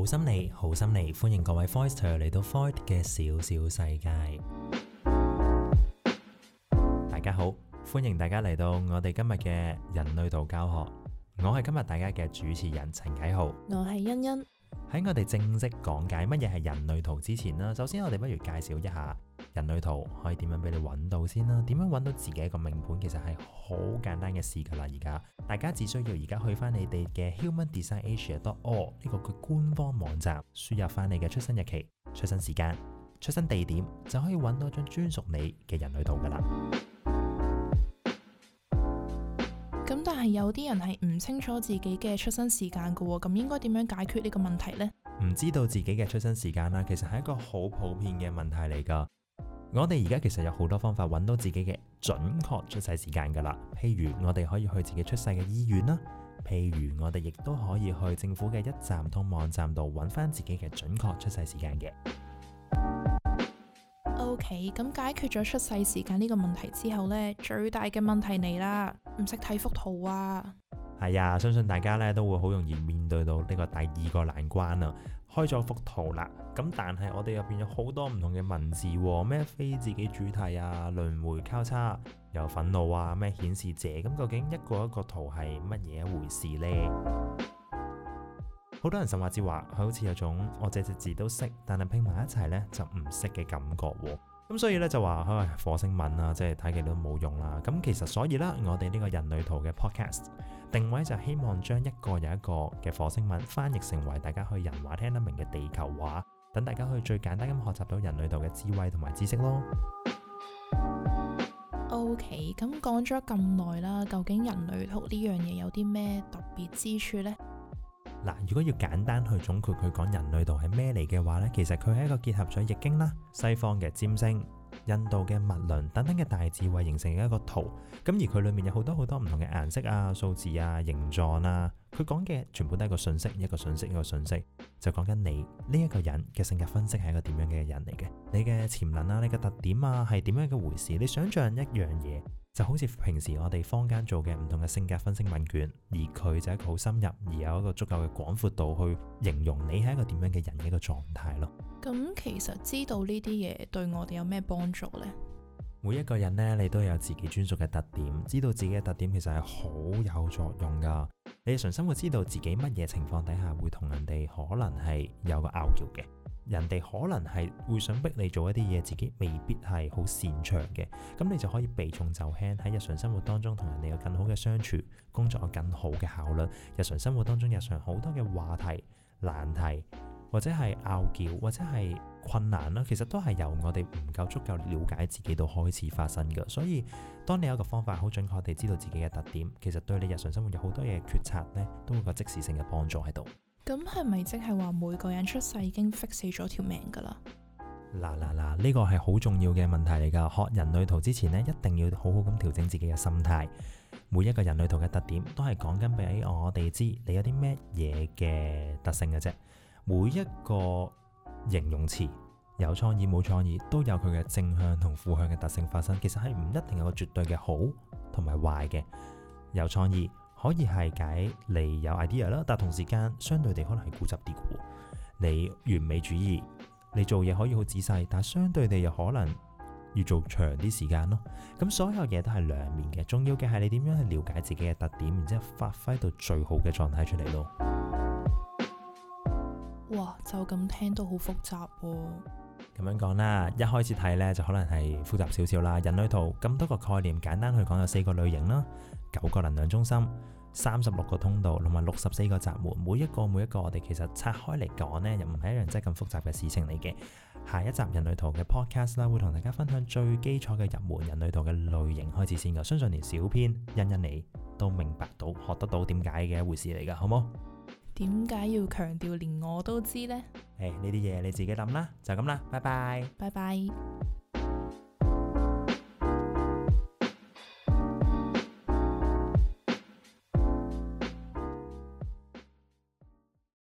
好心理，好心理，歡迎各位 Voider 嚟到 Void 嘅小小世界。大家好，歡迎大家嚟到我哋今日嘅人類圖教學。我係今日大家嘅主持人陳棨豪，我係欣欣。喺我哋正式講解乜嘢係人類圖之前啦，首先我哋不如介紹一下。人類圖可以點樣俾你揾到先啦？點樣揾到自己一個名盤其實係好簡單嘅事㗎啦。而家大家只需要而家去翻你哋嘅 humandesignasia.org 呢個官方網站，輸入翻你嘅出生日期、出生時間、出生地點，就可以揾到一張專屬你嘅人類圖㗎啦。咁但係有啲人係唔清楚自己嘅出生時間㗎喎，咁應該點樣解決呢個問題呢？唔知道自己嘅出生時間啦，其實係一個好普遍嘅問題嚟㗎。我哋而家其實有好多方法揾到自己嘅準確出世時間噶啦，譬如我哋可以去自己出世嘅醫院啦，譬如我哋亦都可以去政府嘅一站通網站度揾翻自己嘅準確出世時間嘅。OK，咁解決咗出世時間呢個問題之後呢，最大嘅問題嚟啦，唔識睇幅圖啊！係啊、哎，相信大家咧都會好容易面對到呢個第二個難關啊。開咗幅圖啦，咁但係我哋入邊有好多唔同嘅文字喎，咩非自己主題啊，輪迴交叉又憤怒啊，咩顯示者咁，究竟一個一個圖係乜嘢一回事呢？好多人甚至話，佢好似有種我隻隻字都識，但係拼埋一齊呢就唔識嘅感覺喎。咁所以咧就話，唉、哎、火星文啊，即係睇幾多都冇用啦、啊。咁其實所以啦，我哋呢個人類圖嘅 podcast 定位就希望將一個又一個嘅火星文翻譯成為大家去人話聽得明嘅地球話，等大家去最簡單咁學習到人類圖嘅智慧同埋知識咯。O K，咁講咗咁耐啦，究竟人類圖呢樣嘢有啲咩特別之處呢？嗱，如果要簡單去總括佢講人類圖係咩嚟嘅話呢，其實佢係一個結合咗易經啦、西方嘅占星、印度嘅脈輪等等嘅大智慧形成嘅一個圖，咁而佢裏面有好多好多唔同嘅顏色啊、數字啊、形狀啊。佢講嘅全部都係一個信息，一個信息，一個信息，息，就講緊你呢一個人嘅性格分析係一個點樣嘅人嚟，嘅，你嘅潛能啊，你嘅特點啊，係點樣嘅回事？你想象一樣嘢，就好似平時我哋坊間做嘅唔同嘅性格分析問卷，而佢就係一個好深入而有一個足夠嘅廣闊度去形容你係一個點樣嘅人嘅一個狀態咯。咁其實知道呢啲嘢對我哋有咩幫助呢？每一個人呢，你都有自己專屬嘅特點，知道自己嘅特點其實係好有作用噶。你日常生活知道自己乜嘢情況底下會同人哋可能係有個拗撬嘅，人哋可能係會想逼你做一啲嘢，自己未必係好擅長嘅，咁你就可以避重就輕，喺日常生活當中同人哋有更好嘅相處，工作有更好嘅效率，日常生活當中日常好多嘅話題、難題，或者係拗撬，或者係困難啦，其實都係由我哋唔夠足夠了解自己到開始發生嘅，所以當你有一個方法好準確地知道自己嘅特點，其實對你日常生活有好多嘢決策呢，都會有個即時性嘅幫助喺度。咁係咪即係話每個人出世已經 fix 死咗條命㗎啦？嗱嗱嗱，呢個係好重要嘅問題嚟㗎。學人類圖之前呢，一定要好好咁調整自己嘅心態。每一個人類圖嘅特點都係講緊俾我哋知你有啲咩嘢嘅特性嘅啫。每一個。形容詞，有創意冇創意，都有佢嘅正向同負向嘅特性發生，其實係唔一定有個絕對嘅好同埋壞嘅。有創意可以係解你有 idea 啦，但同時間相對地可能係固執啲。你完美主義，你做嘢可以好仔細，但相對地又可能要做長啲時間咯。咁所有嘢都係兩面嘅，重要嘅係你點樣去了解自己嘅特點，然之後發揮到最好嘅狀態出嚟咯。哇，就咁聽都好複雜喎！哦。咁樣講啦，一開始睇呢，就可能係複雜少少啦。人類圖咁多個概念，簡單去講有四個類型啦，九個能量中心，三十六個通道，同埋六十四個閘門，每一個每一個我哋其實拆開嚟講呢，又唔係一樣真係咁複雜嘅事情嚟嘅。下一集人類圖嘅 podcast 啦，會同大家分享最基礎嘅入門人類圖嘅類型開始先噶，相信連小編欣欣你都明白到，學得到點解嘅一回事嚟噶，好冇？點解要強調連我都知呢？誒、哎，呢啲嘢你自己諗啦，就咁啦，拜拜。拜拜。